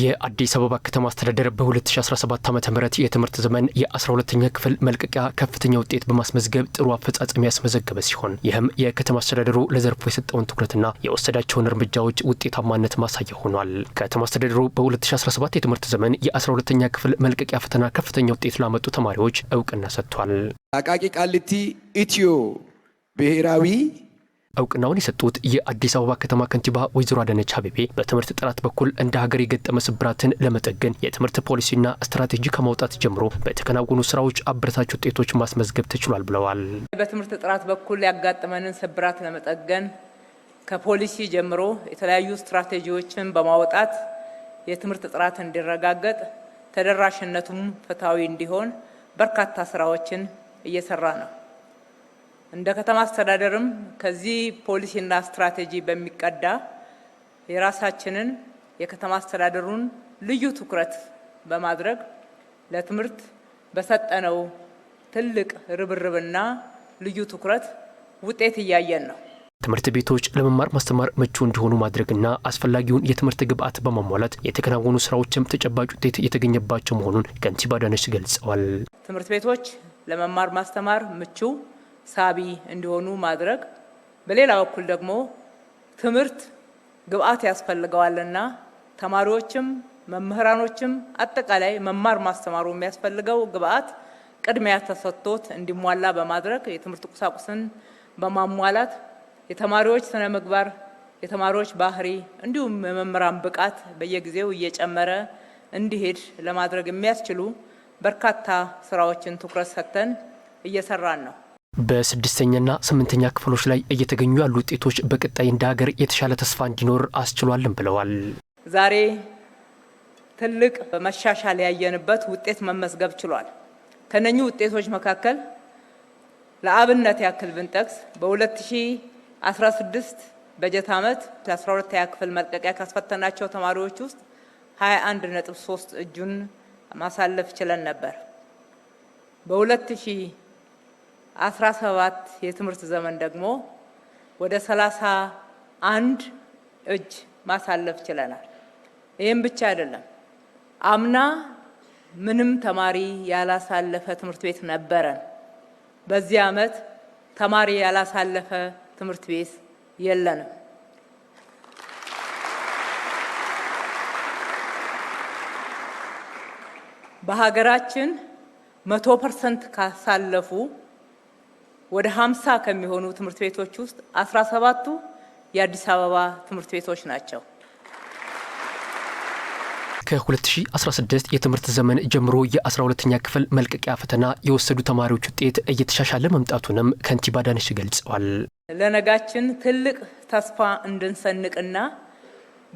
የአዲስ አበባ ከተማ አስተዳደር በ2017 ዓ ም የትምህርት ዘመን የ 12 ኛ ክፍል መልቀቂያ ከፍተኛ ውጤት በማስመዝገብ ጥሩ አፈጻጸም ያስመዘገበ ሲሆን ይህም የከተማ አስተዳደሩ ለዘርፉ የሰጠውን ትኩረትና የወሰዳቸውን እርምጃዎች ውጤታማነት ማሳያ ሆኗል። ከተማ አስተዳደሩ በ2017 የትምህርት ዘመን የ 12 ኛ ክፍል መልቀቂያ ፈተና ከፍተኛ ውጤት ላመጡ ተማሪዎች እውቅና ሰጥቷል። አቃቂ ቃሊቲ ኢትዮ ብሔራዊ እውቅናውን የሰጡት የአዲስ አበባ ከተማ ከንቲባ ወይዘሮ አዳነች አቤቤ በትምህርት ጥራት በኩል እንደ ሀገር የገጠመ ስብራትን ለመጠገን የትምህርት ፖሊሲና ስትራቴጂ ከማውጣት ጀምሮ በተከናወኑ ስራዎች አበረታች ውጤቶች ማስመዝገብ ተችሏል ብለዋል። በትምህርት ጥራት በኩል ያጋጠመንን ስብራት ለመጠገን ከፖሊሲ ጀምሮ የተለያዩ ስትራቴጂዎችን በማውጣት የትምህርት ጥራት እንዲረጋገጥ ተደራሽነቱም ፍትሐዊ እንዲሆን በርካታ ስራዎችን እየሰራ ነው። እንደ ከተማ አስተዳደርም ከዚህ ፖሊሲና ስትራቴጂ በሚቀዳ የራሳችንን የከተማ አስተዳደሩን ልዩ ትኩረት በማድረግ ለትምህርት በሰጠነው ትልቅ ርብርብና ልዩ ትኩረት ውጤት እያየን ነው። ትምህርት ቤቶች ለመማር ማስተማር ምቹ እንዲሆኑ ማድረግና አስፈላጊውን የትምህርት ግብዓት በማሟላት የተከናወኑ ስራዎችም ተጨባጭ ውጤት የተገኘባቸው መሆኑን ከንቲባ አዳነች ገልጸዋል። ትምህርት ቤቶች ለመማር ማስተማር ምቹ ሳቢ እንዲሆኑ ማድረግ፣ በሌላ በኩል ደግሞ ትምህርት ግብዓት ያስፈልገዋልና ተማሪዎችም መምህራኖችም አጠቃላይ መማር ማስተማሩ የሚያስፈልገው ግብዓት ቅድሚያ ተሰጥቶት እንዲሟላ በማድረግ የትምህርት ቁሳቁስን በማሟላት የተማሪዎች ስነ ምግባር፣ የተማሪዎች ባህሪ እንዲሁም የመምህራን ብቃት በየጊዜው እየጨመረ እንዲሄድ ለማድረግ የሚያስችሉ በርካታ ስራዎችን ትኩረት ሰጥተን እየሰራን ነው። በስድስተኛና ስምንተኛ ክፍሎች ላይ እየተገኙ ያሉ ውጤቶች በቀጣይ እንደ ሀገር የተሻለ ተስፋ እንዲኖር አስችሏልም ብለዋል። ዛሬ ትልቅ መሻሻል ያየንበት ውጤት መመዝገብ ችሏል። ከነኚህ ውጤቶች መካከል ለአብነት ያክል ብንጠቅስ በ2016 በጀት ዓመት 12ኛ ክፍል መልቀቂያ ካስፈተናቸው ተማሪዎች ውስጥ 21 ነጥብ 3 እጁን ማሳለፍ ችለን ነበር በ አስራ ሰባት የትምህርት ዘመን ደግሞ ወደ ሰላሳ አንድ እጅ ማሳለፍ ችለናል። ይህም ብቻ አይደለም። አምና ምንም ተማሪ ያላሳለፈ ትምህርት ቤት ነበረን። በዚህ ዓመት ተማሪ ያላሳለፈ ትምህርት ቤት የለንም። በሀገራችን መቶ ፐርሰንት ካሳለፉ ወደ ሀምሳ ከሚሆኑ ትምህርት ቤቶች ውስጥ 17ቱ የአዲስ አበባ ትምህርት ቤቶች ናቸው። ከ2016 የትምህርት ዘመን ጀምሮ የ12ኛ ክፍል መልቀቂያ ፈተና የወሰዱ ተማሪዎች ውጤት እየተሻሻለ መምጣቱንም ከንቲባ ዳነች ገልጸዋል። ለነጋችን ትልቅ ተስፋ እንድንሰንቅና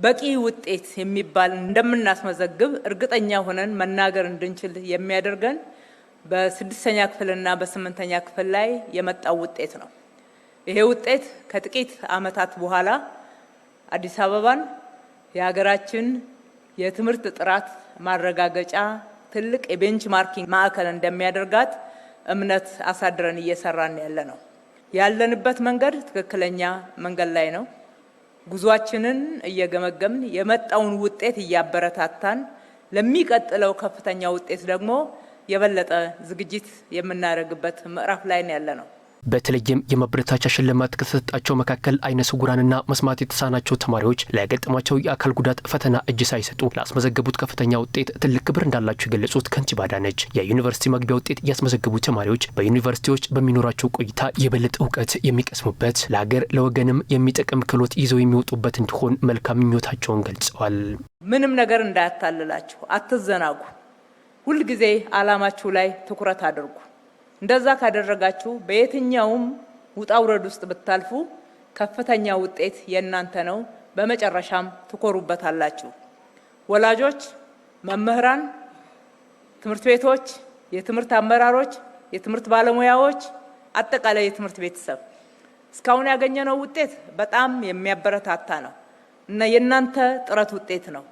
በቂ ውጤት የሚባል እንደምናስመዘግብ እርግጠኛ ሆነን መናገር እንድንችል የሚያደርገን በስድስተኛ ክፍልና በስምንተኛ ክፍል ላይ የመጣው ውጤት ነው። ይሄ ውጤት ከጥቂት ዓመታት በኋላ አዲስ አበባን የሀገራችን የትምህርት ጥራት ማረጋገጫ ትልቅ የቤንችማርኪንግ ማዕከል እንደሚያደርጋት እምነት አሳድረን እየሰራን ያለ ነው። ያለንበት መንገድ ትክክለኛ መንገድ ላይ ነው። ጉዟችንን እየገመገምን የመጣውን ውጤት እያበረታታን ለሚቀጥለው ከፍተኛ ውጤት ደግሞ የበለጠ ዝግጅት የምናደርግበት ምዕራፍ ላይ ያለ ነው። በተለይም የማበረታቻ ሽልማት ከተሰጣቸው መካከል አይነ ስውራንና መስማት የተሳናቸው ተማሪዎች ለገጠማቸው የአካል ጉዳት ፈተና እጅ ሳይሰጡ ላስመዘገቡት ከፍተኛ ውጤት ትልቅ ክብር እንዳላቸው የገለጹት ከንቲባ አዳነች የዩኒቨርሲቲ መግቢያ ውጤት ያስመዘገቡ ተማሪዎች በዩኒቨርሲቲዎች በሚኖራቸው ቆይታ የበለጠ እውቀት የሚቀስሙበት ለሀገር ለወገንም የሚጠቅም ክህሎት ይዘው የሚወጡበት እንዲሆን መልካም ምኞታቸውን ገልጸዋል። ምንም ነገር እንዳያታልላችሁ፣ አትዘናጉ። ሁልጊዜ አላማችሁ ላይ ትኩረት አድርጉ። እንደዛ ካደረጋችሁ በየትኛውም ውጣ ውረድ ውስጥ ብታልፉ ከፍተኛ ውጤት የእናንተ ነው። በመጨረሻም ትኮሩበታላችሁ። ወላጆች፣ መምህራን፣ ትምህርት ቤቶች፣ የትምህርት አመራሮች፣ የትምህርት ባለሙያዎች፣ አጠቃላይ የትምህርት ቤተሰብ እስካሁን ያገኘነው ውጤት በጣም የሚያበረታታ ነው እና የእናንተ ጥረት ውጤት ነው።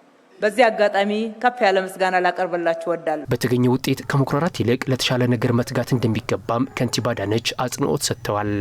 በዚህ አጋጣሚ ከፍ ያለ ምስጋና ላቀርብላችሁ እወዳለሁ። በተገኘ ውጤት ከመኩራራት ይልቅ ለተሻለ ነገር መትጋት እንደሚገባም ከንቲባ አዳነች አጽንኦት ሰጥተዋል።